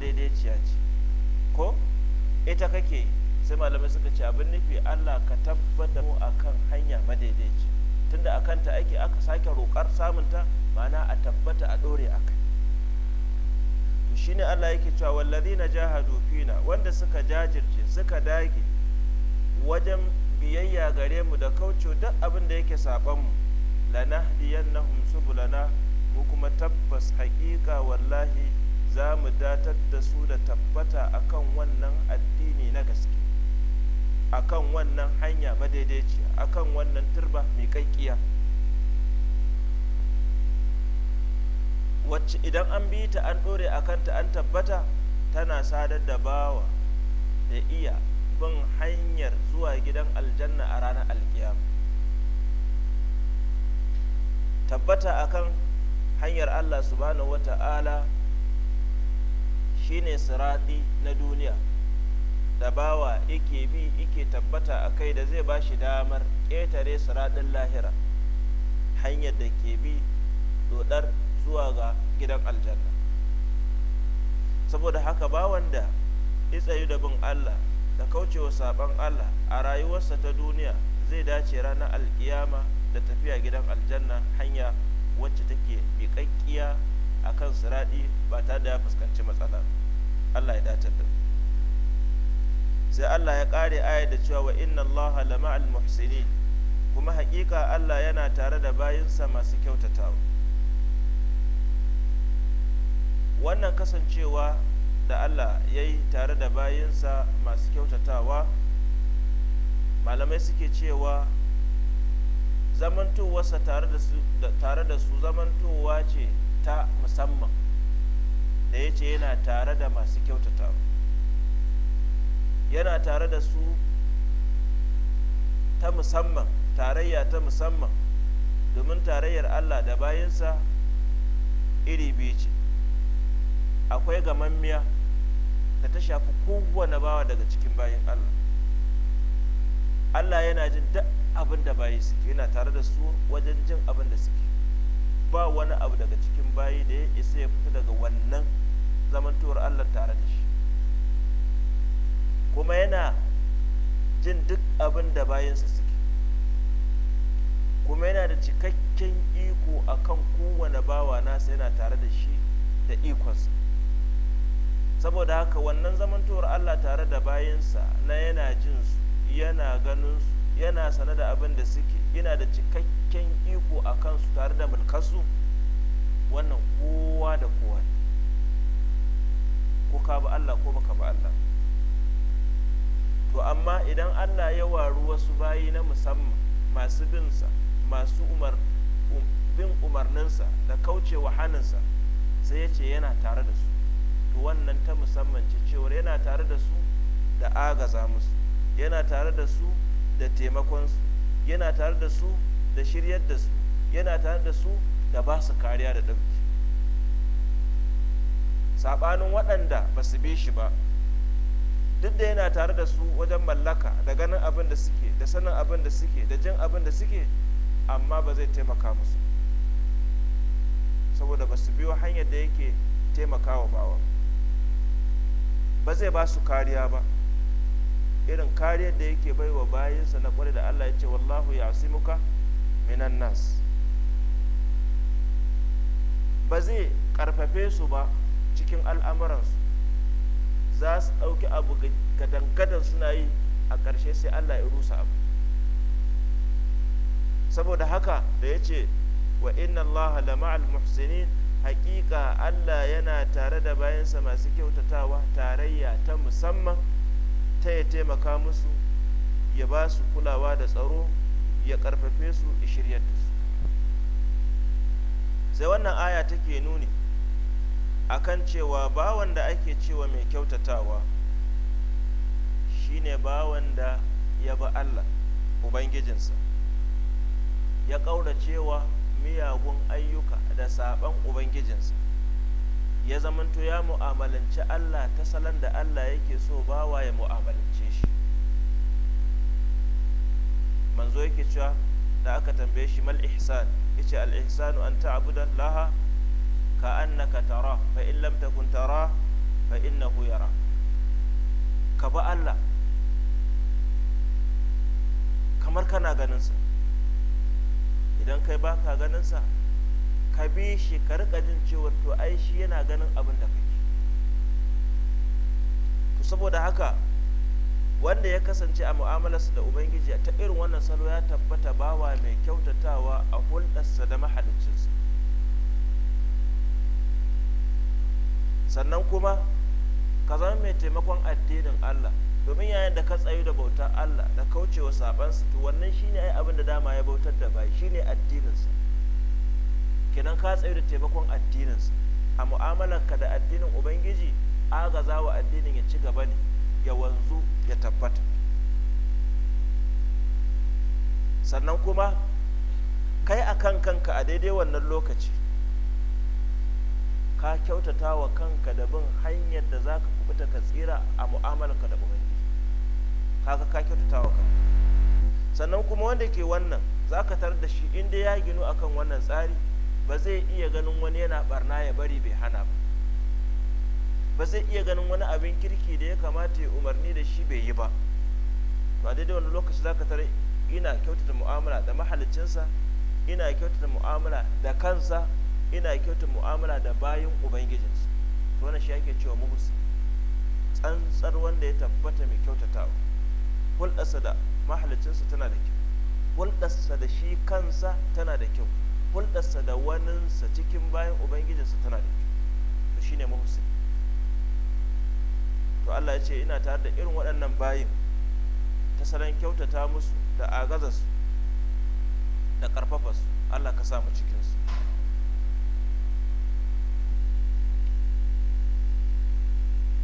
madaidaiciya ce ko ita kake sai malamai suka ce abin nufi allah ka tabbata mu akan hanya madaidaici tunda akan ta ake aka sake roƙar ta ma'ana a tabbata a dore a kai to shine allah yake cewa wallazi na jahadu fina wanda suka jajirce suka dage wajen biyayya gare mu da kaucewa duk abin da yake saban mu lana lanahdiyannahum subulana mu kuma tabbas haƙiƙa wallahi za mu datar da su da tabbata akan wannan addini na gaske akan wannan hanya madaidaiciya akan wannan turba mai kaikkiya wacce idan an bi ta an ɗore a kanta an tabbata tana sadar da bawa da iya bin hanyar zuwa gidan aljanna a ranar alkiyam tabbata akan hanyar allah subhanahu Ta'ala. shine sirati na duniya da bawa yake bi yake tabbata a kai da zai ba shi damar ƙetare siraɗin lahira hanyar da ke bi dodar zuwa ga gidan aljanna saboda haka bawan da tsayu da bin allah da kaucewa saban allah a rayuwarsa ta duniya zai dace ranar alkiyama da tafiya gidan aljanna hanya wacce take miƙaƙƙiya a kan siraɗi ba tare da ya fuskanci matsala Allah ya datar da sai Allah ya kare ayar da cewa wa inna Allah la ma'al muhsinin kuma hakika Allah yana tare da bayinsa masu kyautatawa wannan kasancewa da Allah ya yi tare da bayinsa masu kyautatawa malamai suke cewa zamantowarsa tare da su zamantowa ce ta musamman da ya ce yana tare da masu kyautata yana tare da su ta musamman tarayya ta musamman domin tarayyar allah da bayansa iri biyu ce akwai gamammiya da ta shafi kowane bawa daga cikin bayan allah allah yana jin duk abin da bayi suke yana tare da su wajen jin abin da suke ba wani abu daga cikin bayi da ya isa ya fita daga wannan zamantowar Allah tare da shi kuma yana jin duk abin da bayansa suke kuma yana da cikakken iko akan kowane bawa nasa yana tare da shi da ikonsa saboda haka wannan zamantowar Allah tare da bayansa na yana jinsu yana ganinsu yana sane da abin da suke yana da cikakken cikakken iko a kansu tare da mulkarsu wannan kowa da kowa ko ka ba Allah ko baka ba Allah to amma idan Allah ya waru wasu bayi na musamman masu binsa masu umar um, bin umarninsa da kaucewa sa sai ya ce yana tare da su to wannan ta musamman ce cewar yana tare da su da agaza musu yana tare da su da taimakonsu yana tare da su da shiryar da su yana tare da su da ba su kariya da ɗauki saɓanin waɗanda ba su bi shi ba duk da yana tare da su wajen mallaka da ganin abin da suke da sanin abin da suke da jin abin da suke amma ba zai taimaka musu saboda ba su biyo hanyar da yake taimakawa bawa ba zai ba su kariya ba irin kariyar da yake baiwa bayansa na kwarai da allah ya ce wallahu ya asimuka minan nas ba zai karfafe su ba cikin al'amuransu za su ɗauki abu gadan suna yi a ƙarshe sai allah ya rusa abu saboda haka da yace wa inna allaha la ma'al muhsinin hakika allah yana tare da bayansa masu kyautatawa tarayya ta musamman ta ya taimaka musu ya ba su kulawa da tsaro ya ƙarfafe su a shiryar da su sai wannan aya take nuni akan cewa bawan da ake cewa mai kyautatawa shine bawan da ya ba Allah ubangijinsa ya ƙaura cewa miyagun ayyuka da saɓan ubangijinsa ya zamanto ya mu'amalanci Allah ta salon da Allah yake so bawa ya mu'amalance shi manzo yake cewa da aka tambaye shi mal ihsan yace al ihsanu an ta'budu laha ka annaka tara fa in lam takun tara fa innahu yara ka ba Allah kamar kana ganin sa idan kai baka ganin sa ka bi shi ka rika jin cewa to ai shi yana ganin abin da kake to saboda haka wanda ya kasance a mu'amalarsa da ubangiji ta irin wannan salo ya tabbata bawa mai kyautatawa a hulɗarsa da mahalicinsa sannan kuma ka zama mai taimakon addinin allah domin yayin da ka tsayu da bautar allah da kaucewa sabansa to wannan shine ai abin da dama ya bautar da bai shine addininsa kenan ka tsayu da taimakon addininsa a mu'amalarka da addinin ubangiji agaza wa addinin ya ci gaba ne ya wanzu ya tabbata sannan kuma kai a kan kanka a daidai wannan lokaci ka kyautata wa kanka da bin hanyar da za ka kubuta ka tsira a mu'amalarka da ubangiji kaga ka kyautata wa kanka sannan kuma wanda ke wannan za ka tar da shi inda ya ginu akan wannan tsari ba zai iya ganin wani yana barna ya bari bai hana ba ba zai iya ganin wani abin kirki da ya kamata ya umarni da shi bai yi ba ba daidai wani lokaci za ka tare ina kyautata mu'amala da mahalicinsa ina kyautata mu'amala da kansa ina kyautata mu'amala da bayan ubangijinsa to wani shi yake cewa muhus tsantsar wanda ya tabbata mai kyautatawa hulɗarsa da mahalicinsa tana da kyau hulɗarsa da shi kansa tana da kyau hulɗarsa da waninsa cikin bayan ubangijinsa tana da kyau to shine muhsin to Allah ya ce ina tare da irin waɗannan bayin ta salon kyautata musu da agaza su da ƙarfafa su Allah ka samu cikinsu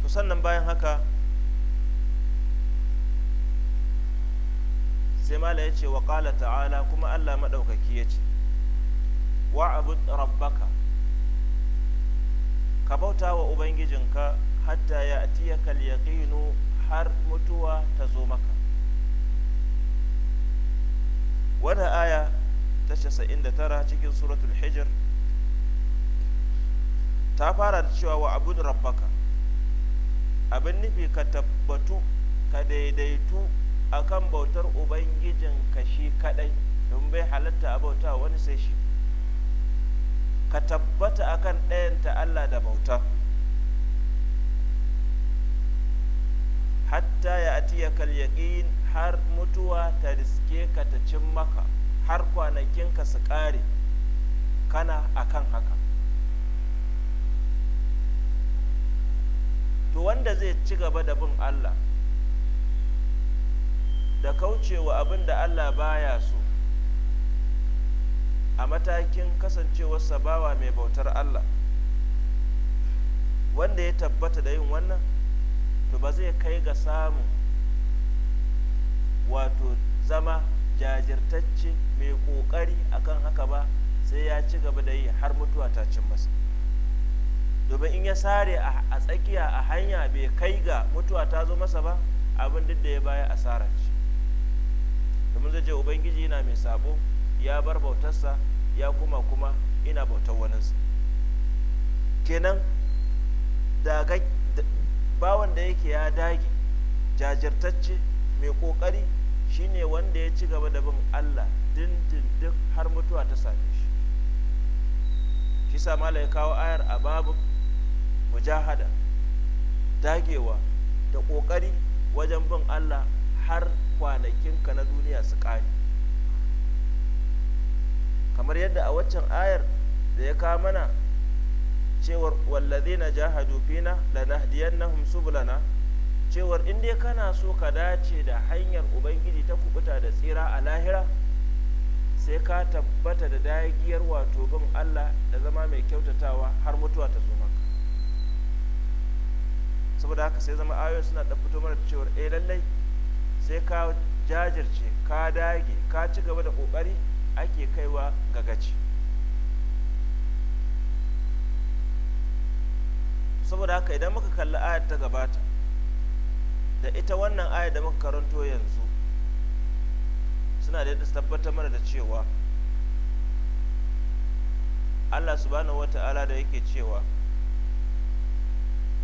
to sannan bayan haka sai mala ya ce wa ƙala ta'ala kuma Allah maɗaukaki ya ce wa wa'abud rabbaka ka bauta wa ubangijinka hatta ya atiya kal yaqinu har mutuwa ta zo maka wani aya ta 99 cikin suratul hijr ta fara da cewa wa abud rabbaka abin nufi ka tabbatu ka daidaitu akan bautar ubangijin ka shi kadai don bai halatta a bauta wani sai shi ka tabbata akan ta allah da bauta hatta ya atiya kal yaqin har mutuwa ta riske ka ta cin maka har kwanakinka su ƙare kana akan haka to wanda zai ci gaba da bin Allah da kaucewa abin da Allah baya so a matakin kasancewarsa bawa mai bautar Allah wanda ya tabbata da yin wannan to ba zai kai ga samu wato zama jajirtacce mai kokari akan haka ba sai ya ci gaba da yi har mutuwa ta cin masa domin in ya sare a tsakiya a hanya bai kai ga mutuwa ta zo masa ba abin duk da ya baya tsara ce domin zai je ubangiji yana mai sabo ya bar bautarsa ya kuma kuma ina bautar waninsa kenan dagagge bawan da yake ya dage jajirtacce mai kokari shine wanda ya ci gaba da bin Allah dindindin har mutuwa ta same shi shi sa mala ya kawo ayar a babu mujahada dagewa da kokari wajen bin Allah har kwanakinka na duniya su kare kamar yadda a waccan ayar da ya kawo mana cewar wallazina jahadu fina lanahdiyannahum subulana cewar in dai kana so ka dace da hanyar ubangiji ta kubuta da tsira a lahira sai ka tabbata da dagiyar wato bin Allah da zama mai kyautatawa har mutuwa ta zo maka saboda haka sai zama ayoyin suna da fito mana cewar eh lallai sai ka jajirce ka dage ka ci gaba da kokari ake kaiwa ga gaci saboda haka idan muka kalli ayar ta gabata da ita wannan ayar da muka karanto yanzu suna da tabbatar mana da cewa allah subhanahu wata'ala da yake cewa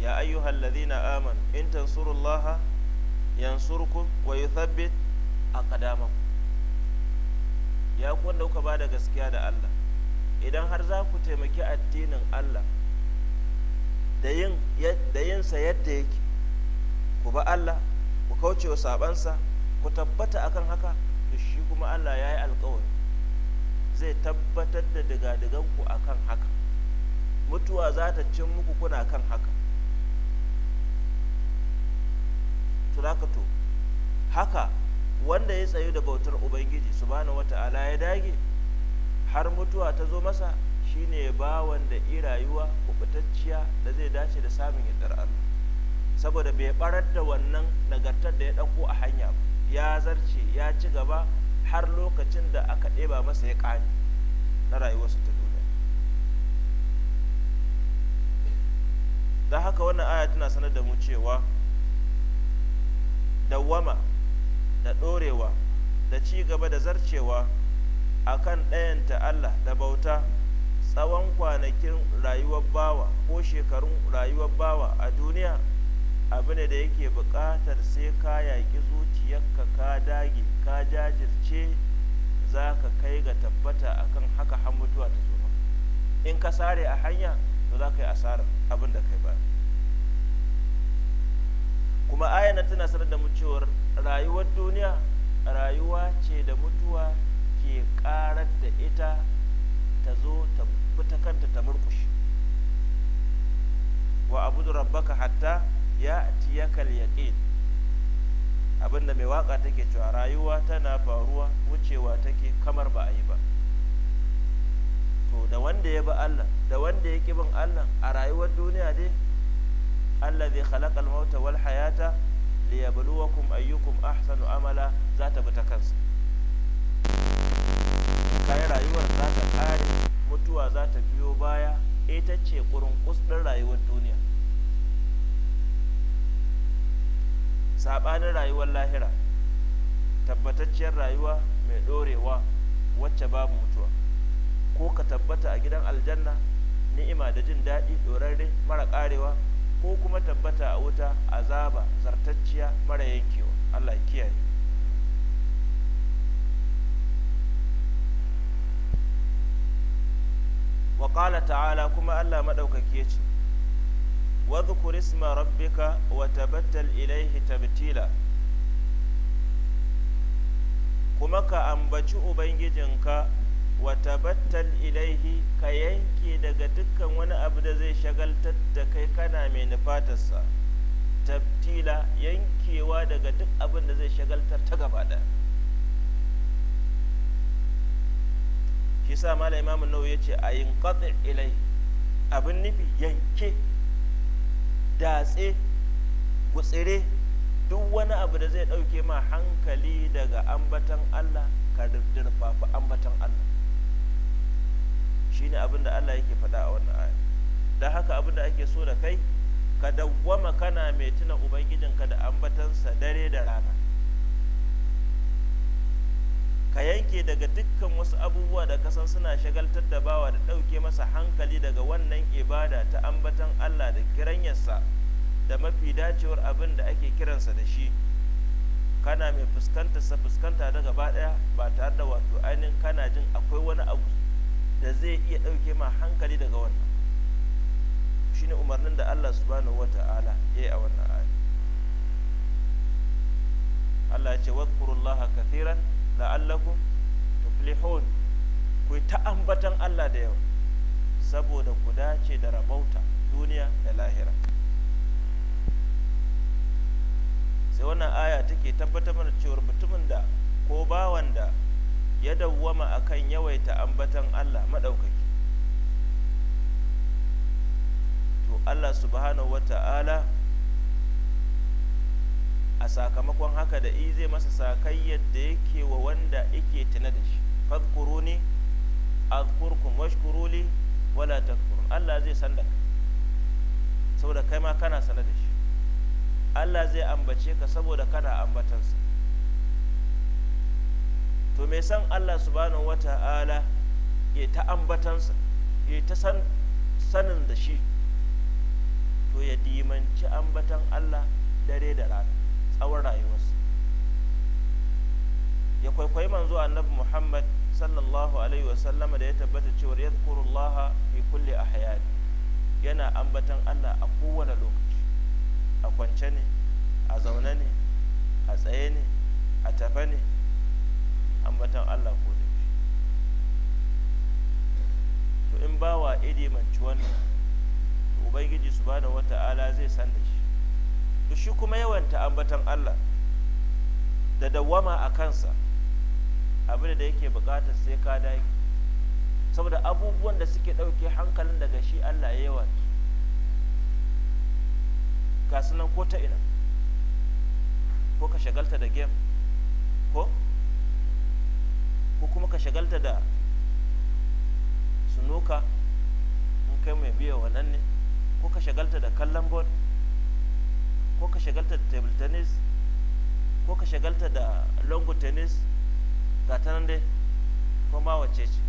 ya ayyuhal ladina amanu in tansurullaha yansurkum wa yuthabbit aqdamakum ya ku kuka bada gaskiya da Allah idan har za ku taimaki addinin Allah da yinsa yadda yake ku ba Allah ku kauce wa sabansa ku tabbata akan haka to shi kuma Allah ya yi alkawari zai tabbatar da digadiganku ku kan haka mutuwa za ta cin muku kuna kan haka to haka wanda ya tsayu da bautar ubangiji subhanahu wata'ala ya dage har mutuwa ta zo masa shine bawan da i rayuwa kubutacciya da zai dace da samun yardar Allah saboda bai barar da wannan nagartar da ya ɗauko a hanya ba ya zarce ya ci gaba har lokacin da aka ɗeba masa ya ƙani na rayuwarsu ta duniya don haka wannan aya tana sanar da mu cewa dawwama da ɗorewa da ci gaba da zarcewa akan ɗayanta Allah da bauta tsawon kwanakin rayuwar bawa ko shekarun rayuwar bawa a duniya abu ne da yake buƙatar sai ka yaƙi zuciyarka ka dage ka jajirce za ka kai ga tabbata akan haka har mutuwa ta zo in ka sare a hanya to za ka yi asarar abin da kai ba kuma ayana tana sanar da mu rayuwar duniya rayuwa ce da mutuwa ke karar da ita ta zo ta bi kanta ta murkushe wa abudu rabbaka hatta ya tiyakal yaqin abinda mai waka take cewa rayuwa tana faruwa wucewa take kamar ba a yi ba to da wanda ya bi Allah da wanda ya ki bin Allah a rayuwar duniya dai Allah zai khalaqal mauta wal hayata liyabluwakum ayyukum ahsanu amala za ta bi ta kansa kayan rayuwar za ta ƙare mutuwa za ta biyo baya ita ce ƙurin ɗin rayuwar duniya saɓanin rayuwar lahira tabbatacciyar rayuwa mai ɗorewa wacce babu mutuwa ko ka tabbata a gidan aljanna ni'ima da jin daɗi ɗorarre mara ƙarewa ko kuma tabbata a wuta azaba zartacciya mara yankewa allah kiyaye wa ƙala ta'ala kuma allah maɗaukaki ya ce wadhkur isma rabbika wa tabattal ilaihi tabtila kuma ka ambaci ubangijinka wa tabattal ilaihi ka yanke daga dukkan wani abu da zai shagaltar da kai kana mai nufatarsa tabtila yankewa daga duk abin da zai shagaltar ta gaba ɗaya shi sa mala imamun nau'i ya ce a yin kwatsa ilai abin nufi yanke datse gutsire duk wani abu da zai ɗauke ma hankali daga ambatan Allah ka dirfafi ambatan Allah ne abin da Allah yake faɗa a wannan aya don haka abin da ake so da kai ka dawwama kana mai tuna ubangijinka da ambatansa dare da rana ka yanke daga dukkan wasu abubuwa da kasan suna shagaltar da bawa da ɗauke masa hankali daga wannan ibada ta ambatan Allah da kiranyarsa da mafi dacewar abin da ake kiransa da shi kana mai fuskanta sa fuskanta da gaba ɗaya ba tare da wato ainihin kana jin akwai wani abu da zai iya ɗauke ma hankali daga wannan shine umarnin da Allah subhanahu wata'ala ya yi a wannan ayi Allah ya ce wadkurullaha kathiran la'allakum tuflihun ku ta ambatan Allah da yau saboda ku dace da rabauta duniya da lahira sai wannan aya take tabbatar mana cewa mutumin da ko bawan da ya dawwama akan yawaita ambatan Allah maɗaukaki to Allah subhanahu wata'ala a sakamakon haka da i zai masa sakayyar da yake wa wanda yake tuna da shi fadkuruni azkurkum washkuruli wala takfurun Allah zai sanda da saboda kai ma kana sana da shi Allah zai ambace ka saboda kana ambatansa to me san Allah subhanahu wata'ala ya ta ambatansa ya ta san sanin da shi to ya dimanci ambatan Allah dare da rana tsawon rayuwarsa ya kwaikwayi manzo annabi muhammad sallallahu alaihi wasallama da ya tabbata cewar ya zukurullaha fi kulle a hayani yana ambatan allah a kowane lokaci a kwance ne a zaune ne a tsaye ne a tafe ne ambatan allah ko da to in ba wa idi manci wannan ubangiji wata wata'ala zai san da shi to shi kuma yawanta ta'ambatan Allah da dawama a kansa abin da yake bukatar sai ka dage saboda abubuwan da suke ɗauke hankalin daga shi Allah ya yawa ga sunan ko ta ina ko ka shagalta da game ko ko kuma ka shagalta da sunoka in kai mai biya wannan ne ko ka shagalta da kallon board ko ka shagalta da table tennis ko ka shagalta da longo tennis ga ta nan dai ko ma wace ce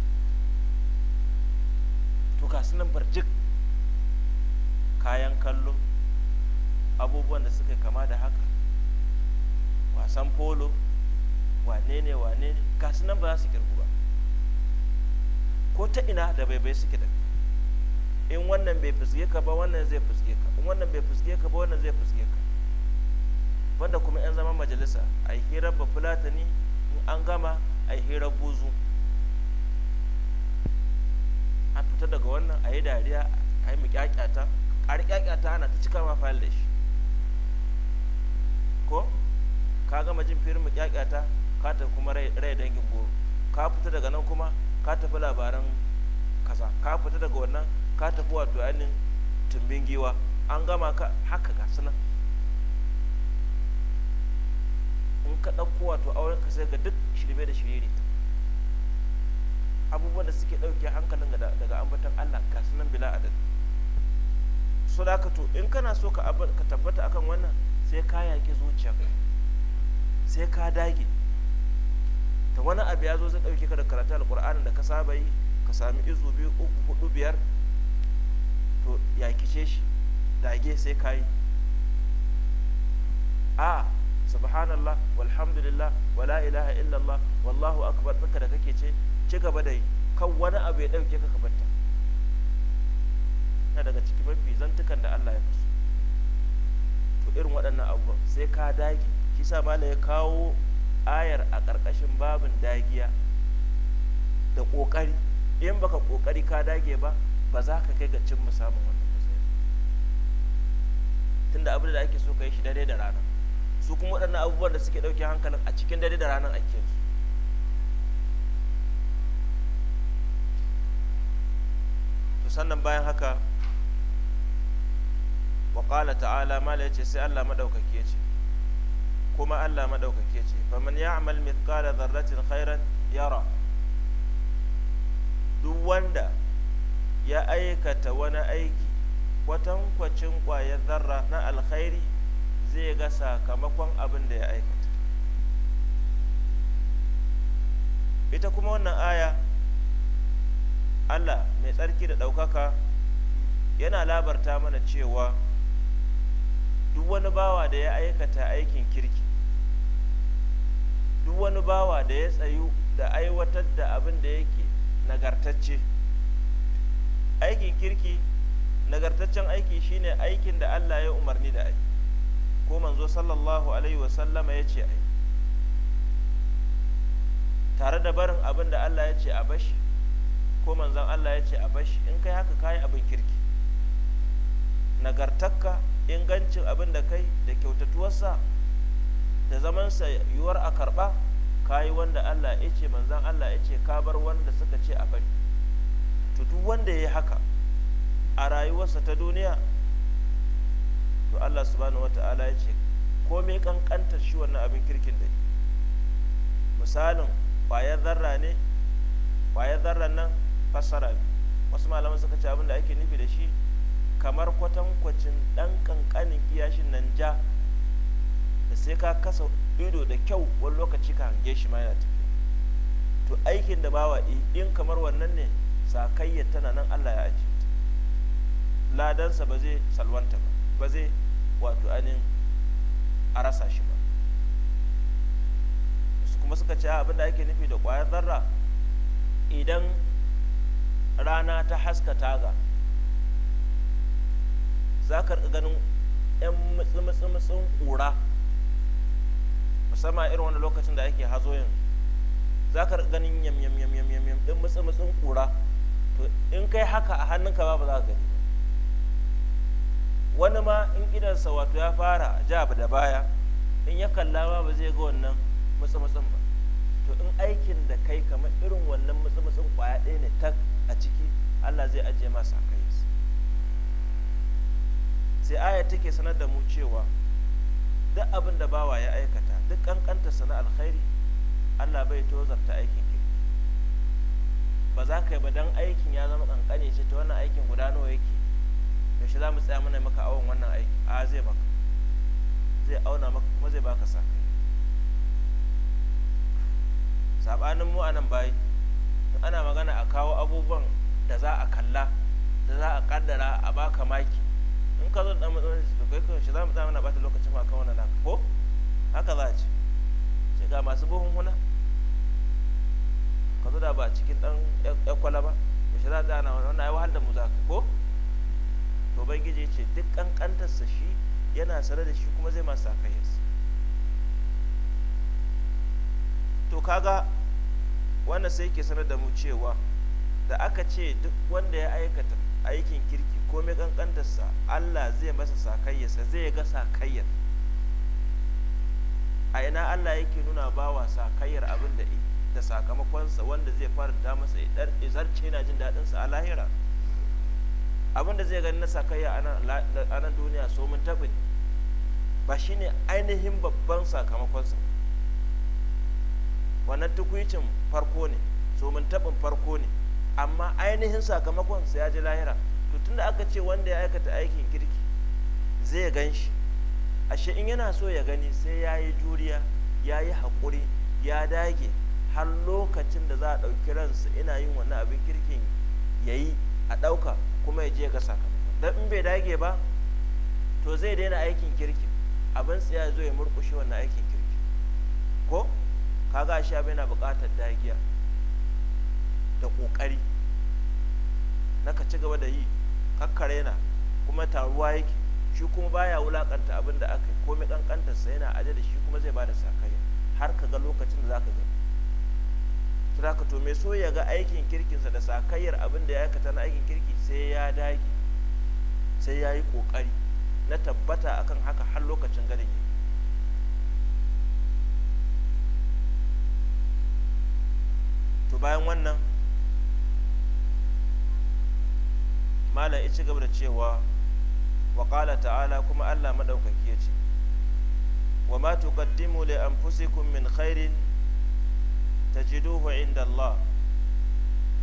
to ka sunan barjik kayan kallo abubuwan da suka kama da haka wasan polo wane ne wane ne ga sunan ba za su kirgu ba ko ta ina da bai bai suke da in wannan bai fuske ka ba wannan zai fuske ka in wannan bai fuske ka ba wannan zai fuske ka wanda kuma 'yan zaman majalisa a yi hirar bafulatani in an gama a yi hirar buzu a fita daga wannan a yi dariya a yi mukyakyata a rikyakyata ana ta cika ma da shi ko ka gama jin firin mukyakyata ka tafi kuma rai dangin goro ka fita daga nan kuma ka tafi labaran kasa ka fita daga wannan ka tafi wato ainihin tumbin giwa an gama ka haka ga sunan ka ɗauko wato auren ka sai ga duk shirme da ne abubuwan da suke ɗauke hankalin daga ambatan Allah ga sunan bila adad so da ka to in kana so ka tabbata akan wannan sai ka yaƙi zuciya sai ka dage ta wani abu ya zo zai ɗauke ka da karatu alƙur'anin da ka saba yi ka sami izu biyu uku hudu biyar to yaƙice shi dage sai ka yi a subhanallah walhamdulillah wala ilaha illallah wallahu akbar duka da kake ce ci gaba da yi kan wani abu ya dauke ka kabarta na daga cikin mafi zantukan da Allah ya kasu to irin waɗannan abu sai ka dage shi sa malam ya kawo ayar a ƙarƙashin babin dagiya da ƙoƙari in baka ƙoƙari ka dage ba ba za ka kai ga cin musamman wannan tunda abin da ake so ka yi shi dare da rana su kuma waɗannan abubuwan da suke ɗauke hankalin a cikin dare da ranar ake su to sannan bayan haka wa ƙala ta'ala mala ce sai allah maɗaukake ce kuma allah maɗaukake ce faman ya amal mithqala dharratin khairan yara duk wanda ya aikata wani aiki kwatankwacin ƙwayar zarra na alkhairi zai ga sakamakon abin da ya aikata ita kuma wannan aya allah mai tsarki da ɗaukaka yana labarta mana cewa duk wani bawa da ya aikata aikin kirki duk wani bawa da ya tsayu da aiwatar da abin da yake nagartacce aikin kirki nagartaccen aiki shine aikin da allah ya umarni da aiki ko manzo sallallahu alaihi wasallama ya ce ai tare da barin abin da Allah ya ce a bashi ko manzon Allah ya ce a bashi in kai haka kayi abin kirki nagartakka ingancin abin da kai da kyautatuwarsa da zamansa yiwuwar a karɓa kayi wanda Allah ya ce manzon Allah ya ce ka bar wanda suka ce a bari to duk wanda ya yi haka a rayuwarsa ta duniya to Allah subhanahu ta'ala ya ce komai kankanta shi wannan abin kirkin da misalin kwayar zarra ne kwayar zarra nan fassara ne wasu malaman suka ce abin da ake nufi da shi kamar kwatankwacin dan kankanin kiyashin nan ja da sai ka kasa ido da kyau wani lokaci ka hange shi ma yana tafiya to aikin da bawa in kamar wannan ne sakayya tana nan allah ya ajiye ladansa ba zai salwanta ba ba zai wato anin a rasa shi ba kuma suka ce abin da ake nufi da ƙwayar zarra idan rana ta haska taga za ka ganin 'yan mutsi-mutsin ƙura musamman irin wani lokacin da ake hazo yanzu za ka ganin yam yam yam yam yam ɗin mutsi-mutsin ƙura to in kai haka a hannunka ba ba za ka gani wani ma in idansa wato ya fara ja da baya in ya kalla ma ba zai ga wannan matsamatsan ba to in aikin da kai kamar irin wannan matsamatsan kwaya ɗaya ne tak a ciki allah zai ajiye masa kai sai aya take sanar da mu cewa duk abin da bawa ya aikata duk kankanta sana alkhairi allah bai tozarta aikin ba za ka yi ba don aikin ya zama kankane ce ta wannan aikin guda nawa yake yaushe za mu tsaya mana maka awon wannan aiki a zai maka zai auna maka kuma zai baka sa kai sabanin mu anan bayi ana magana a kawo abubuwan da za a kalla da za a kaddara a baka maki in ka zo da matsalolin su kai kai shi za mu tsaya mana bata lokacin ma kan wannan naka ko haka za a ce sai ga masu huna ka zo da ba cikin dan ya kwala ba yaushe za a tsaya na wannan ai wahal da mu za ka ko to ubangiji ya ce duk kankantarsa shi yana sare da shi kuma zai masa kayyarsa to kaga wannan sai yake sanar da mu cewa da aka ce duk wanda ya aikata aikin kirki ko mai kankantarsa Allah zai masa sakayyarsa zai ga sakayyar a ina Allah yake nuna bawa sakayyar abin da sakamakonsa wanda zai fara da masa ya zarce yana jin daɗinsa a lahira abin da zai gani na sakayya a nan duniya so mun tabi ba shine ainihin babban sakamakonsa wannan tukwicin farko ne so mun tabin farko ne amma ainihin sakamakonsa ya ji lahira to tunda aka ce wanda ya aikata aikin kirki zai gan shi ashe in yana so ya gani sai ya yi juriya ya yi haƙuri ya dage har lokacin da za a ɗauki ransa ina yin wani abin kirkin ya yi a ɗauka kuma ya je ga sakamako don in bai dage ba to zai daina aikin kirki abin tsaya zo ya murkushe wannan aikin kirki ko kaga shi abin na bukatar dagiya da ƙoƙari na ka ci gaba da yi kakkare na kuma taruwa yake shi kuma baya wulakanta abin da aka yi komai ƙanƙantarsa yana aje da shi kuma zai bada sakai har ka ga lokacin da za ka gani ka to mai so ya ga aikin kirkinsa da sakayyar abin da ya aikata na aikin kirki sai ya dage sai ya yi kokari na tabbata akan haka har lokacin ganin to bayan wannan malam ya ci gaba da cewa waƙala ta'ala kuma allah maɗaukaki ya ce wa ma tuqaddimu li anfusikum min khairin tajiduhu inda Allah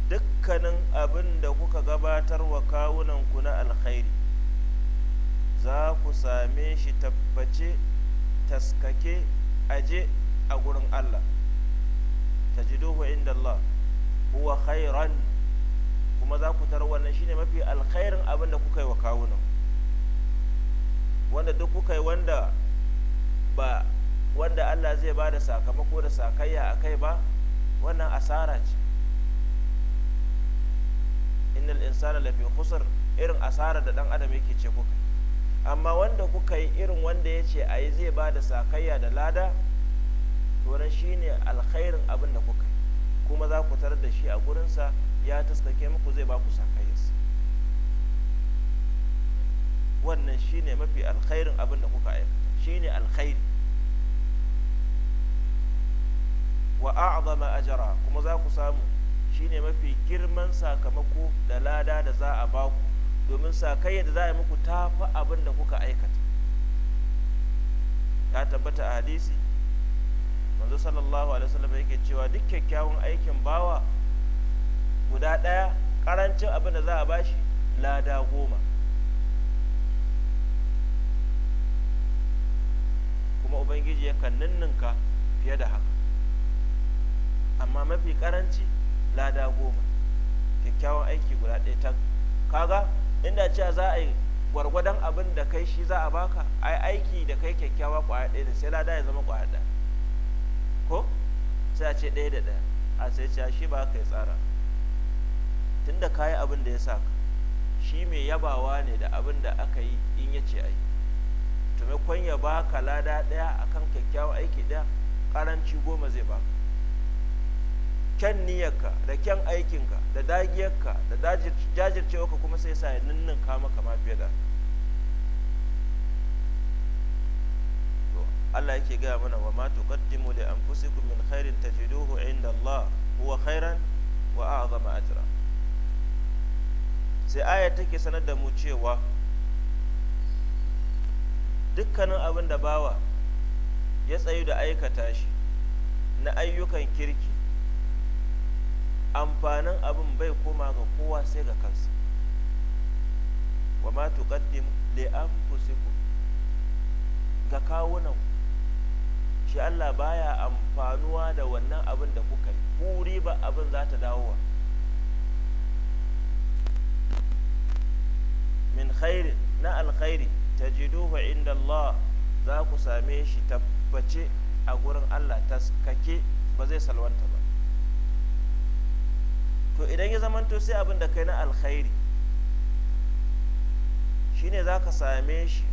dukkanin abin da kuka gabatar wa kawunanku na alkhairi za ku same shi tabbace taskake aje a gurin Allah tajiduhu inda Allah huwa khairan kuma za ku tar wannan shine mafi alkhairin abin da kuka yi wa kawunan wanda duk kuka yi wanda ba wanda Allah zai ba da sakamako da sakayya a kai ba wannan asara ce innal insana lafi khusr irin asara da dan adam yake ce kuka amma wanda kuka yi irin wanda ya ce a yi zai ba da sakayya da lada to shi ne alkhairin abin da kuka yi kuma za ku tarar da shi a gurinsa ya taskake muku zai ba ku sakayyarsa wannan shi ne mafi alkhairin abin da kuka aikata shi ne alkhairi wa a'zama ajra kuma za ku samu shine mafi girman sakamako da lada da za a ba ku domin sakayya da za a muku tafi abin da kuka aikata ta tabbata a hadisi manzo sallallahu alaihi wasallam yake cewa duk kyakkyawan aikin bawa guda ɗaya karancin abin da za a bashi lada goma kuma ubangiji yakan ninninka fiye da haka amma mafi karanci lada goma kyakkyawan aiki guda ɗaya ta kaga inda cewa za a yi gwargwadon abin da kai shi za a baka ai aiki da kai kyakkyawa kwaya ɗaya da sai lada ya zama kwaya ɗaya ko sai a ce ɗaya da ɗaya a sai cewa shi ba ka yi tsara da ka yi abin da ya sa ka shi mai yabawa ne da abin da aka yi in ya ce ai tumakon ya ka lada ɗaya akan kyakkyawan aiki ɗaya karanci goma zai baka kyan niyyarka da kyan aikinka da dagiyarka da jajircewarka kuma sai sa ninnin kama kama fiye da Allah yake gaya mana wa ma tuqaddimu li anfusikum min khairin tajiduhu inda Allah huwa khairan wa a'zama ajra sai aya take sanar da mu cewa dukkanin abin da bawa ya tsayu da aikata shi na ayyukan kirki amfanin abin bai koma ga kowa sai ga kansa wa ma tuqaddim li anfusikum ga kawunan shi Allah baya amfanuwa da wannan abin da kuka yi ku riba abin za ta dawowa min khairin na alkhairi tajiduhu inda Allah za ku same shi tabbace a gurin Allah taskake ba zai salwanta to idan ya zama zamanto sai abin da kai na alkhairi shine za ka same shi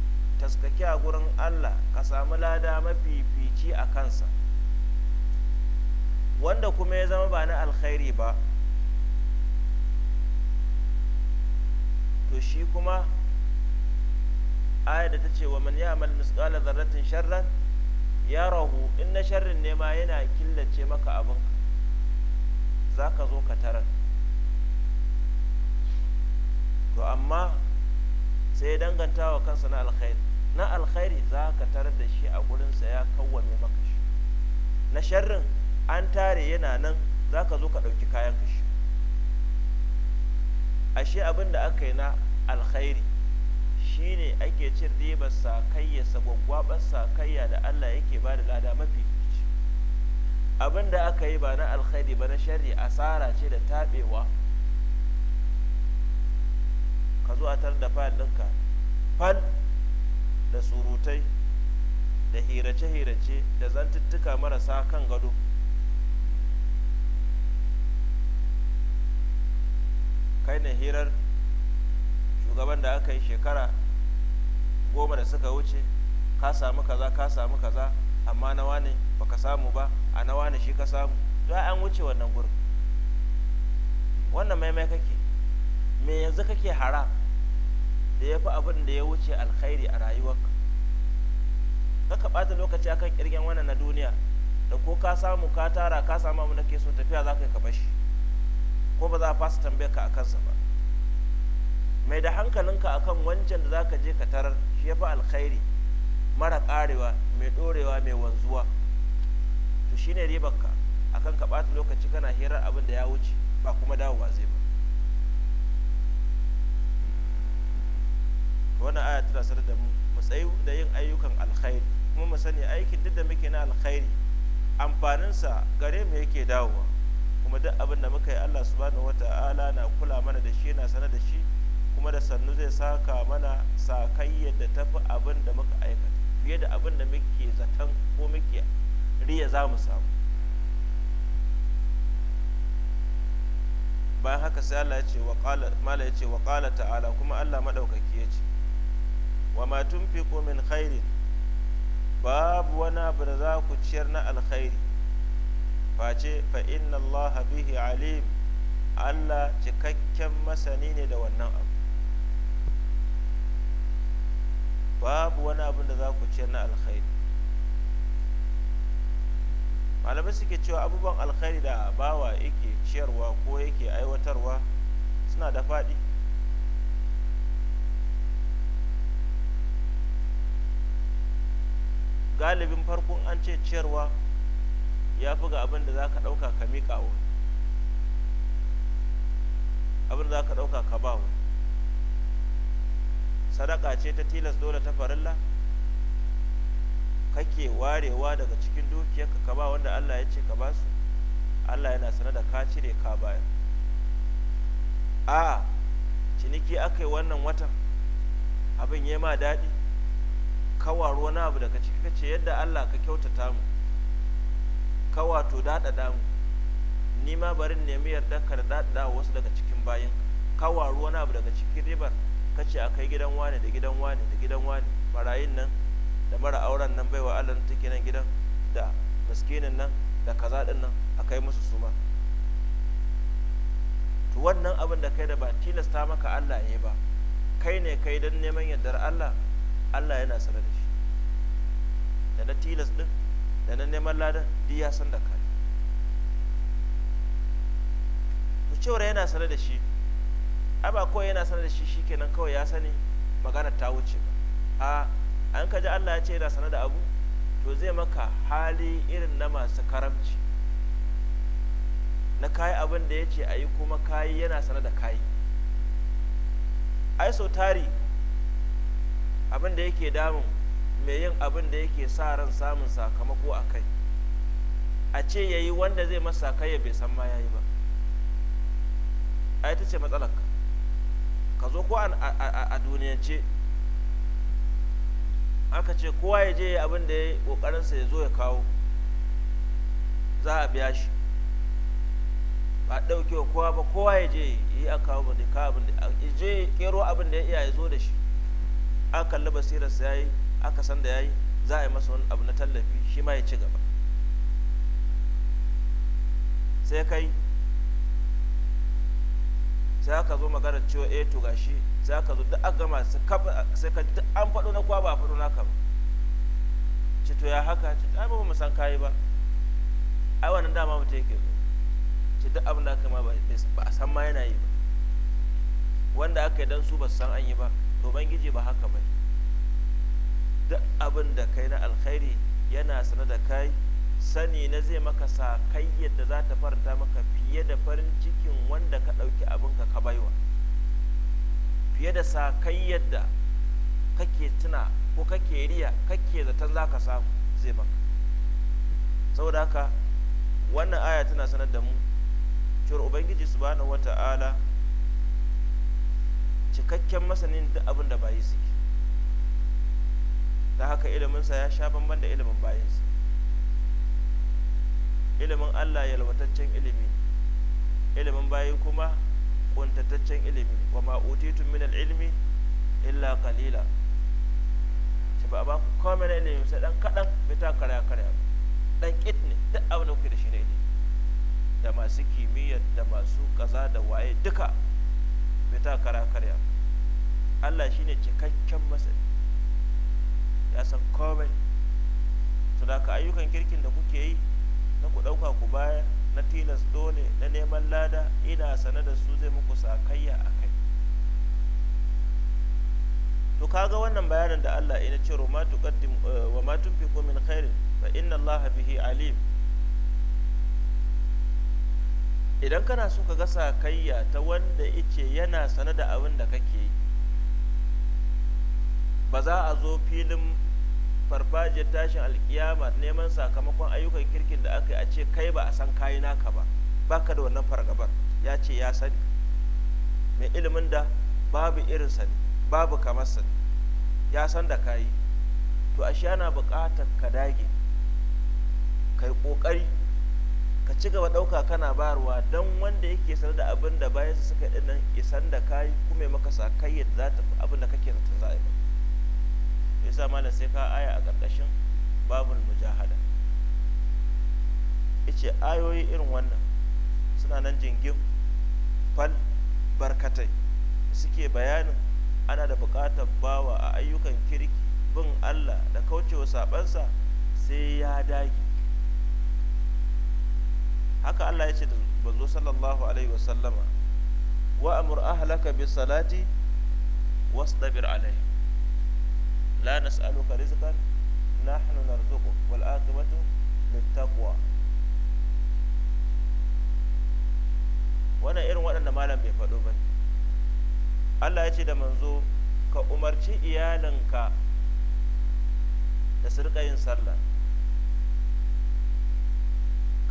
taskaki a gurin allah ka samu lada mafifici a kansa wanda kuma ya zama ba na alkhairi ba to shi kuma ayar da ta ce wa man ya'mal misqala dharratin sharran yarahu in na sharrin ne ma yana killace maka abinka za ka zo ka tarar to amma sai danganta wa kansa na alkhairi na alkhairi za ka tarar da shi a gurinsa ya kawwame maka shi na sharrin an tare yana nan za ka zo ka ɗauki kayan ka shi ashe abin da aka yi na alkhairi shine ake cin ribar sakayya sagwaggwabar sakayya da allah yake ba da lada mafi abin da aka yi ba na alkhairi ba na shari asara ce da taɓewa ka zo a tar da fayil ɗinka fal da surutai da hirace-hirace da zantuttuka marasa kan gado kai na hirar shugaban da aka yi shekara goma da suka wuce ka samu kaza ka samu kaza amma na wane baka samu ba a na wane shi ka samu to an wuce wannan gurin wannan maimai kake me yanzu kake haram da ya fi abin da ya wuce alkhairi a rayuwarka kaka ɓata lokaci akan kirgen wannan na duniya da ko ka samu ka tara ka samu abin da ke so tafiya za ka yi shi ko ba za a fasa tambayar ka a kansa ba mai da hankalinka akan wancan da za ka je ka tarar shi ya fi alkhairi mara karewa mai dorewa mai wanzuwa to shine ribarka akan ka bata lokaci kana hirar abin da ya wuce ba kuma dawowa zai ba wannan aya tana sanar da mu mu tsayu da yin ayyukan alkhairi kuma mu sani aikin duk da muke na alkhairi amfaninsa gare mu yake dawowa kuma duk abin da muka yi Allah subhanahu wata'ala na kula mana da shi na sanar da shi kuma da sannu zai saka mana sakayyar da tafi abin da muka aikata fiye da abin da muke zaton ko muke riya za mu samu ba haka sai Allah ya ce wa qala mala ya ce wa qala ta'ala kuma Allah madaukaki ya ce wa ma tunfiqu min khairin babu wani abu da za ku ciyar na alkhairi face fa inna Allah bihi alim Allah cikakken masani ne da wannan abu babu wani abin da za ku ciyar na alkhairi malamai suke cewa abubuwan alkhairi da bawa yake ciyarwa ko yake aiwatarwa suna da faɗi galibin farkon an ce ciyarwa ya fi ga abin da za ka ɗauka ka miƙa wa abin da za ka ɗauka ka ba wa sadaka ce ta tilas dole ta farilla kake warewa daga cikin dukiyarka ka ba wanda Allah ya ce ka ba su Allah yana sanar da ka cire ka bayar a ciniki aka yi wannan watan abin ya ma daɗi kawaro wani abu daga ciki kace yadda Allah ka kyautata mu ka wato daɗaɗa mu ni ma barin nemi yardanka da daɗaɗa wasu daga cikin bayan kawaro wani abu daga cikin ribar ka ce a kai gidan wane da gidan wane da gidan wane barayin nan da mara auren nan baiwa Allah da take nan gidan da miskinin nan da kaza din nan a kai musu suma to wannan abin da kai da ba tilasta maka Allah ya ba kai ne kai don neman yardar Allah Allah yana sanar da shi da na tilas din da na neman ladan duk ya san da kai to cewar yana sanar da shi ai ba kawai yana sanar da shi shikenan kawai ya sani magana ta wuce ba a an ka ji Allah ya ce yana sanar da abu to zai maka hali irin na masu karamci na kayi abin da ya ce a yi kuma kayi yana sanar da kayi ai so tari abin da yake damun mai yin abin da yake sa ran samun sakamako a kai a ce ya yi wanda zai masa kai bai san ma ya yi ba ai ta ce matsalarka ka zo ko a duniyance aka ce kowa ya je abin da ya yi ƙoƙarinsa ya zo ya kawo za a biya shi ba ɗauke wa kowa ba kowa ya je yi a kawo ba ka abin da ya je kero abin da ya iya ya zo da shi aka kalli basirarsa ya yi aka san da ya yi za a yi masa wani abu na tallafi shi ma ya ci gaba sai kai za ka zo magana cewa eh to gashi za ka zo duk a gama sai ka duk an faɗo na kwaba a faɗo na ka ci to ya haka ci ai ba mu san kayi ba ai wannan dama mu take yake ko ce duk abin da aka ma ba a san ma yana yi ba wanda aka yi dan su ba su san an yi ba to bangiji ba haka ba duk abin da kai na alkhairi yana sanar da kai sani na zai maka sa kai yadda za ta faranta maka fiye da farin cikin wanda ka ɗauki abinka ka baiwa fiye da sa kai yadda kake tuna ko kake riya kake zaton za ka samu zai maka saboda haka wannan aya tana sanar da mu cewar ubangiji subhanahu wata'ala cikakken masanin duk abin da bayi suke ta haka iliminsa ya sha bamban da ilimin bayinsa ilimin allah yalwataccen ilimi ilimin bayi kuma kuntataccen ilimi wa ma'utitun min ilmi illa kalila shi ba ba ku kome na ilimi sai dan kaɗan bai ta karya karya dan kit ne duk abin da kuke da shi na ilimi da masu kimiyya da masu kaza da waye duka bai ta karya karya Allah ne cikakken masani ya san komai su da ka ayyukan kirkin da kuke yi na ku ɗauka ku baya na tilas dole na neman lada ina sane da su zai muku sakayya a kai to kaga wannan bayanin da Allah ina ce ma tuqaddim eh, wa ma tunfiqu min khairin fa inna Allah bihi alim idan kana so ka ga sakayya ta wanda ice yana sane da abin da kake yi ba za a zo filin farfajiyar tashin alkiyama neman sakamakon ayyukan kirkin da aka yi a ce kai ba a san kayi naka ba baka da wannan fargabar ya ce ya sani mai ilimin da babu irin sani babu kamar sani ya san da kayi to ashe yana buƙatar ka dage kai kokari ka ci gaba ɗauka kana bayarwa don wanda yake sanar da abin da bayan suka yi ɗinnan isan da kayi kuma maka sa kai yadda za ta abin da kake zaton za a yi yasa malam sai ka aya a ƙarƙashin babul mujahada yace ayoyi irin wannan suna nan jingin fal barkatai suke bayanin ana da buƙatar bawa a ayyukan kirki bin Allah da kaucewa sabansa sai ya dage haka Allah ya ce da banzo sallallahu alaihi wasallama wa amur ahlaka bi salati wasdabir alaihi la nas'aluka rizqan nahnu narzuquk wal aqibatu littaqwa wannan irin waɗanda malam bai faɗo ba Allah ya ce da manzo ka umarci iyalinka da su yin sallah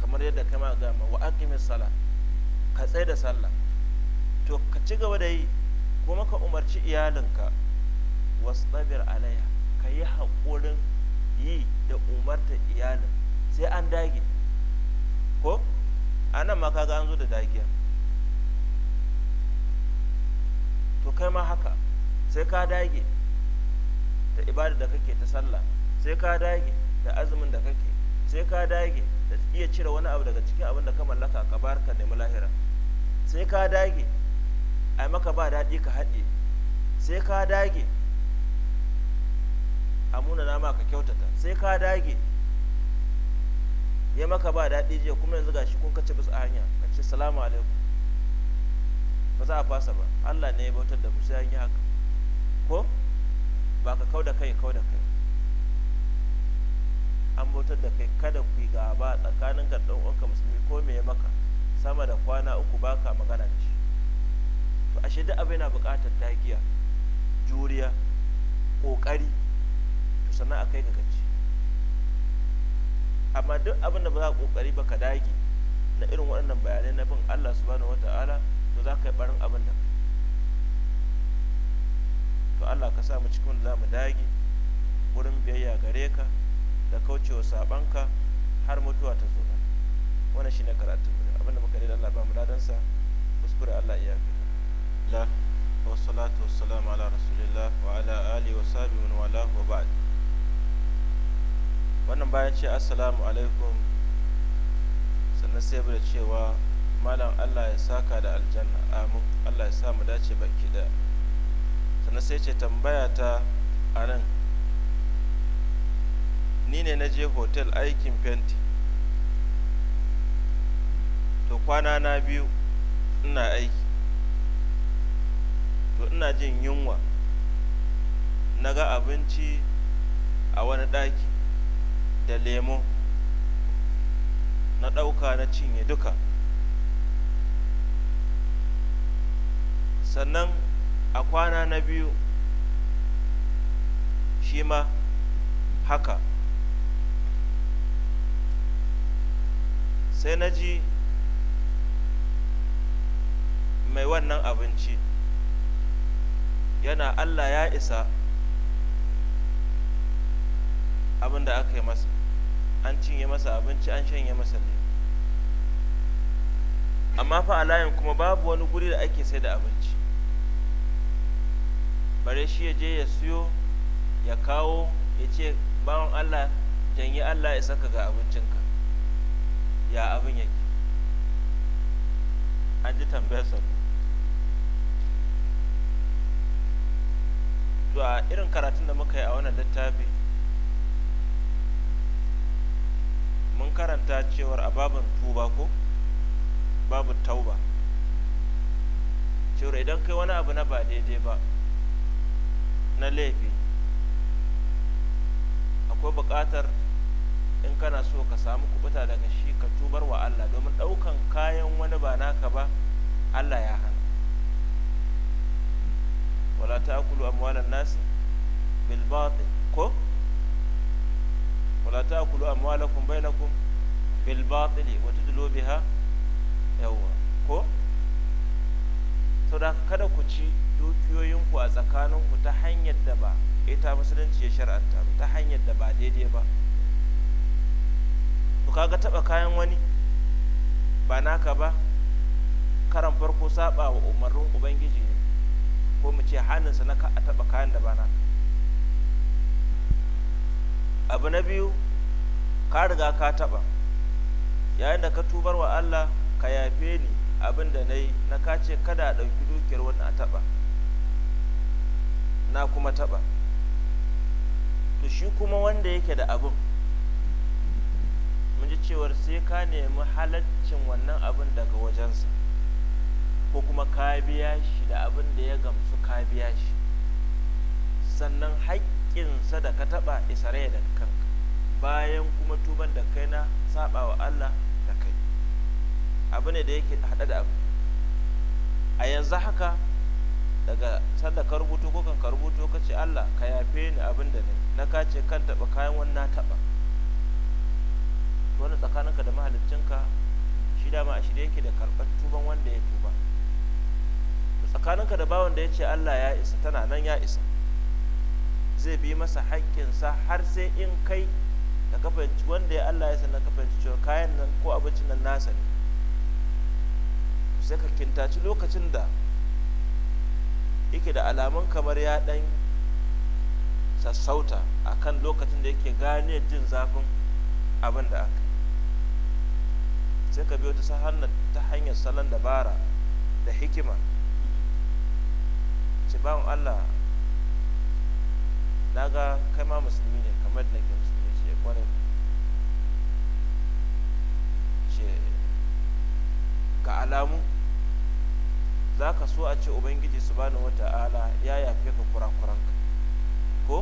kamar yadda ka ma gama wa aqimis sala ka tsaye da sallah to ka ci gaba da yi kuma ka umarci iyalinka wasbabir alaiya ka yi haƙurin yi da umarta iyalin sai an dage ko a nan ma kaga an zo da dagiya to kai ma haka sai ka dage da ibada da kake ta sallah sai ka dage da azumin da kake sai ka dage da iya cire wani abu daga cikin abin da ka mallaka ka bar ka nemi lahira sai ka dage a maka ba daɗi ka haɗe sai ka dage a na ma ka kyautata sai ka dage ya maka ba daɗi jiya kuma yanzu gashi kun kace bisa hanya ka ce salamu alaikum ba za a fasa ba Allah ne ya bautar da musu sai an yi haka ko ba ka kau da kai kau da kai an bautar da kai kada ku yi gaba tsakanin ka dan uwanka musulmi ko me ya maka sama da kwana uku baka magana da shi to ashe duk abin yana buƙatar dagiya juriya ƙoƙari sannan a kai ga gaci amma duk abin da ba za ka kokari ba ka dage na irin waɗannan bayanai na bin Allah subhanahu wata'ala to za ka yi barin abin da to Allah ka sa mu cikin za mu dage wurin biyayya gare ka da kaucewa sabanka har mutuwa ta zo wannan shine karatun mu abin da muka da Allah ba mu ladansa kuskure Allah iya fi la wa salatu wa salam ala rasulillah wa ala alihi wa sahbihi wa wala wa ba'd wannan bayan ce assalamu alaikum sannan sai bude cewa malam allah ya saka da aljanna amin allah ya sa mu dace baki da sannan sai ce tambaya ta a nan ni ne na je hotel aikin fenti to kwana na biyu ina aiki to ina jin yunwa na ga abinci a wani ɗaki da lemo na ɗauka na cinye duka sannan a kwana na biyu shi ma haka sai na ji mai wannan abinci yana allah ya isa abin da aka yi masa an cinye masa abinci an shanye masa ne amma fa a layin kuma babu wani guri da ake sai da abinci bare shi ya je ya siyo ya kawo ya ce bawan allah janye allah ya saka ga abincinka ya abin yake an ji tambayar to a irin karatun da muka yi a wannan littafi karanta cewar a babin tuba ko babin tauba cewar idan kai wani abu na ba daidai ba na laifi akwai buƙatar in kana so ka samu kubuta daga shi ka tubar wa Allah domin ɗaukan kayan wani ba naka ba Allah ya hana wala ta ta'kulu amwalan nasi bil batil ko wala ta ta'kulu amwalakum bainakum bil batili wa tudlu biha yawwa ko saboda kada ku ci dukiyoyinku a tsakaninku ta hanyar da ba ita musulunci ya shar'anta ba ta hanyar da ba daidai ba to kaga taba kayan wani ba naka ba karan farko saba wa umarnin ubangiji ne ko mu ce hannunsa na ka a taba kayan da ba naka abu na biyu ka riga ka taba yayin da ka tubar wa Allah ka yafe ni abin da na yi na kace kada a ɗauki dukiyar wannan a taɓa na kuma taɓa to shi kuma wanda yake da abin mun ji cewar sai ka nemi halaccin wannan abin daga wajensa ko kuma ka biya shi da abin da ya gamsu ka biya shi sannan haƙƙinsa da ka taɓa isare da kanka bayan kuma tuban da kai na saɓa wa Allah abu ne da yake hada da abu a yanzu haka daga sanda ka rubuto ko kan ka rubuto ka ce Allah ka yafe ni abin da ne na kace kan taɓa kayan wani na taɓa wani tsakaninka da mahaliccinka shi dama a shirye yake da karɓar tuban wanda ya tuba tsakaninka da bawan da ya ce Allah ya isa tana nan ya isa zai bi masa haƙƙinsa har sai in kai da ka fahimci wanda ya Allah ya sanar ka fahimci cewa kayan nan ko abincin nan nasa ne sai ka kintaci lokacin da yake da alamun kamar ya ɗan sassauta a kan lokacin da yake gane jin zafin abin da aka sai ka biyo ta hanyar salon dabara da hikima ce bawan allah na ga kai ma musulmi ne kamar da ke musulmi ce kwarai ce ga alamu za ka so a ce ubangiji su bani wata'ala ya yafe ka kurakuranka ko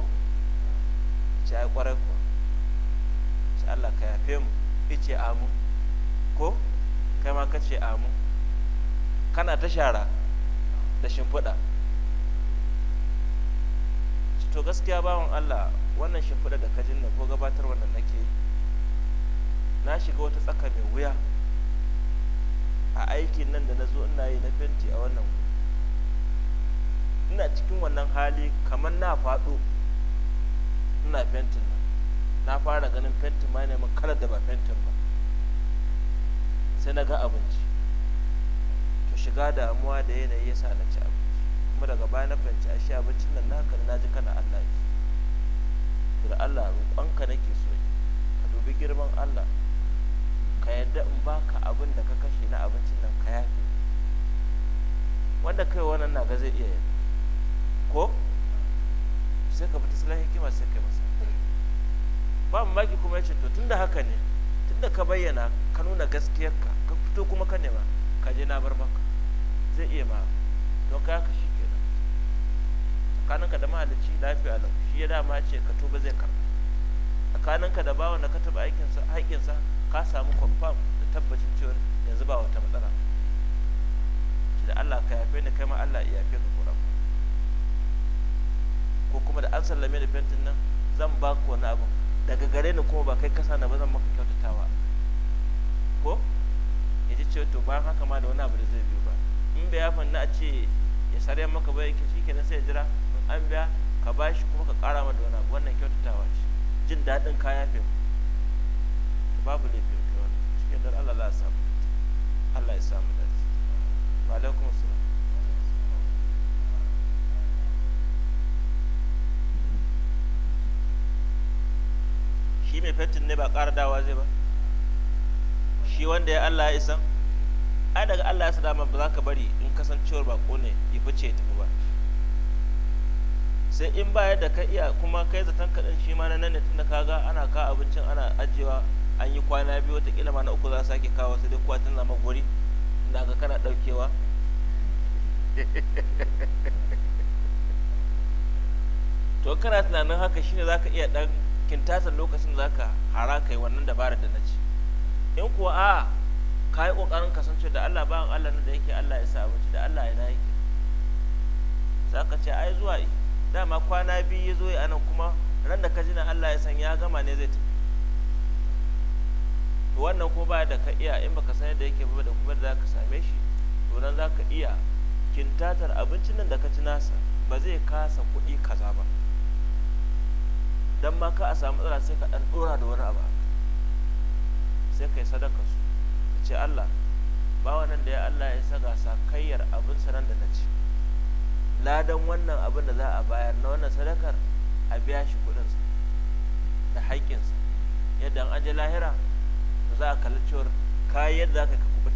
ce ai kwarai kuwa ce allah ka yafe mu ice amu ko kai ma ka ce amu kana ta shara da shimfiɗa to gaskiya bawan allah wannan shimfiɗa da kajin da ko gabatar wannan nake na shiga wata tsaka mai wuya a aikin nan da na zo ina yi na fenti a wannan ina cikin wannan hali kamar na faɗo ina fentin nan na fara ganin fenti ma ne kalar da ba fentin ba sai na ga abinci to shiga damuwa da yanayi yasa na ci abinci kuma daga baya na fahimci a shi abincin nan na kan na kana Allah ki to da Allah roƙonka nake so ka dubi girman Allah ka yadda in baka abin da ka kashe na abincin nan ka yafe wanda kai wannan na ga zai iya yi ko sai ka fita silahin hikima sai kai masa ba maki kuma yace to tunda haka ne tunda ka bayyana ka nuna gaskiyarka ka fito kuma ka nema ka je na bar maka zai iya ma don ka haka shi kenan tsakaninka da mahalicci lafiya lau shi ya dama ce ka tuba zai karba tsakaninka da bawan da ka taba aikinsa haƙinsa ka samu confirm da tabbacin cewa yanzu ba wata matsala da Allah ka yafe ni kai ma Allah ya yafe ka kura ko kuma da an sallame da fentin nan zan ba ku wani abu daga gare ni kuma ba kai kasa na ba zan maka kyautatawa ko ya ji cewa to bayan haka ma da wani abu da zai biyu ba in bai ya fanna a ce ya sarya maka bai yake shi kenan sai ya jira in an biya ka bashi kuma ka kara ma da wani abu wannan kyautatawa ce jin daɗin ka yafe mu babu laifin kai wani cikin dar Allah za a samu Allah ya samu dace wa alaikum assalam shi mai fentin ne ba ƙara dawa zai ba shi wanda ya Allah ya isan ai daga Allah ya sa dama ba za ka bari in kasancewar bako ne ya fice ya tafi ba sai in ba da ka iya kuma kai zaton kaɗan shi ma na nan ne tun da ka ga ana ka abincin ana ajiyewa an yi kwana biyu wata kila na uku za a sake kawo su dai kuwa tana magori na ga kana daukewa to kana tunanin haka shine za ka iya dan kintatar lokacin za ka hara kai wannan dabarar da na ce. in kuwa a ka yi ƙoƙarin kasance da allah ba allah na da yake allah ya samu da allah ya na yake za ka ce ai zuwa dama kwana biyu ya zo ya anan kuma ran da ka ji na allah ya san ya gama ne zai tafi to wannan kuma ba da ka iya in baka san yadda yake ba da kuma da zaka same shi to nan za ka iya kintatar abincin nan da ka ci nasa ba zai kasa kuɗi kaza ba dan ma ka a samu tsara sai ka ɗan ɗora da wani abu sai ka yi sadaka su ka ce Allah ba nan da ya Allah ya saka sakayyar abin sanan da na ci ladan wannan abin da za a bayar na wannan sadakar a biya shi kuɗinsa da haƙƙinsa yadda an je lahira za a kalli cewar kayan da za ka